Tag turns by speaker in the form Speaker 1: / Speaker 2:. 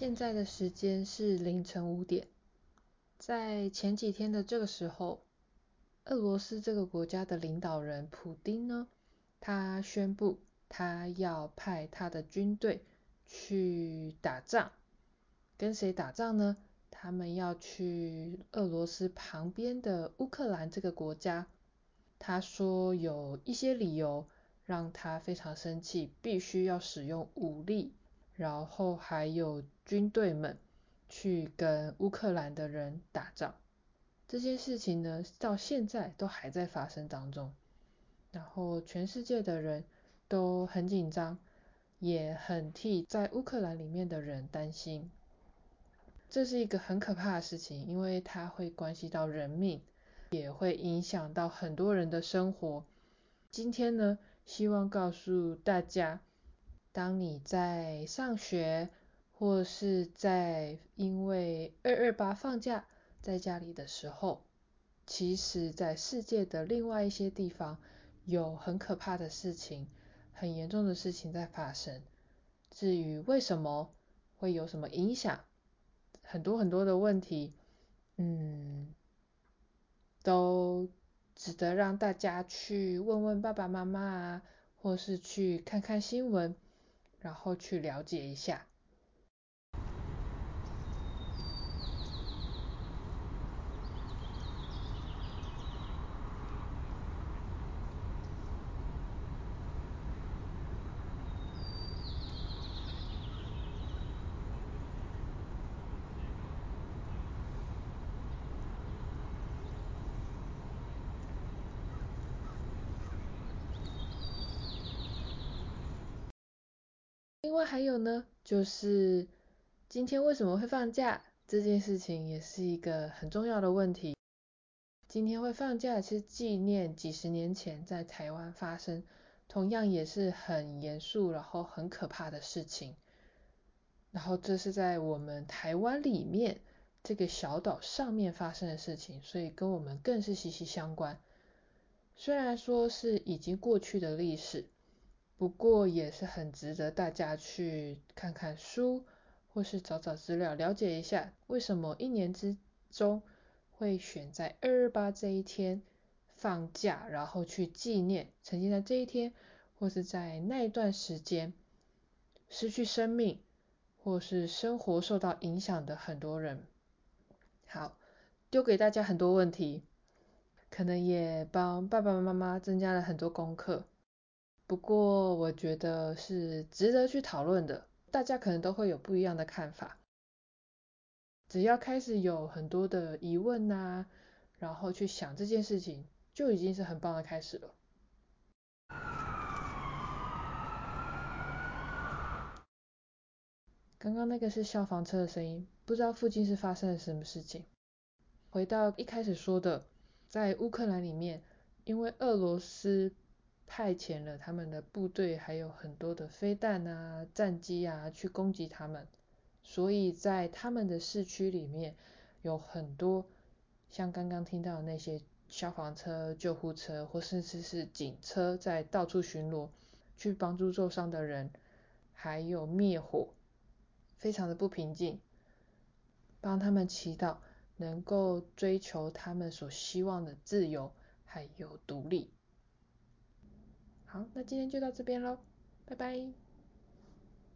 Speaker 1: 現在的時間是凌晨五點，在前幾天的這個時候，俄羅斯這個國家的領導人普丁呢，他宣布他要派他的軍隊去打仗。跟誰打仗呢？他們要去俄羅斯旁邊的烏克蘭這個國家。他說有一些理由讓他非常生氣，必須要使用武力。然後還有軍隊們去跟烏克蘭的人打仗，這些事情呢，到現在都還在發生當中。然後全世界的人都很緊張，也很替在烏克蘭裡面的人擔心。這是一個很可怕的事情，因為它會關係到人命，也會影響到很多人的生活。今天呢，希望告訴大家。當你在上學，或是在因為二二八放假在家裡的時候，其實，在世界的另外一些地方，有很可怕的事情、很嚴重的事情在發生。至於為什麼會有什麼影響，很多很多的問題，嗯，都值得讓大家去問問爸爸媽媽啊，或是去看看新聞。然後去了解一下。另外還有呢，就是今天為什麼會放假這件事情也是一個很重要的問題。今天會放假是紀念幾十年前在台灣發生，同樣也是很嚴肅然後很可怕的事情。然後這是在我們台灣裡面這個小島上面發生的事情，所以跟我們更是息息相關。雖然說是已經過去的歷史。不過也是很值得大家去看看書，或是找找資料，了解一下為什麼一年之中會選在二二八這一天放假，然後去紀念曾經在這一天或是在那一段時間失去生命，或是生活受到影響的很多人。好，丟給大家很多問題，可能也幫爸爸媽媽增加了很多功課。不過我覺得是值得去討論的，大家可能都會有不一樣的看法。只要開始有很多的疑問啊，然後去想這件事情，就已經是很棒的開始了。剛剛那個是消防車的聲音，不知道附近是發生了什麼事情。回到一開始說的，在烏克蘭裡面，因為俄羅斯。派遣了他們的部隊，還有很多的飛彈啊、戰機啊，去攻擊他們。所以在他們的市區裡面，有很多像剛剛聽到的那些消防車、救護車，或甚至是警車，在到處巡邏，去幫助受傷的人，還有滅火，非常的不平靜。幫他們祈禱，能夠追求他們所希望的自由，還有獨立。好，那今天就到這邊嘍，拜拜。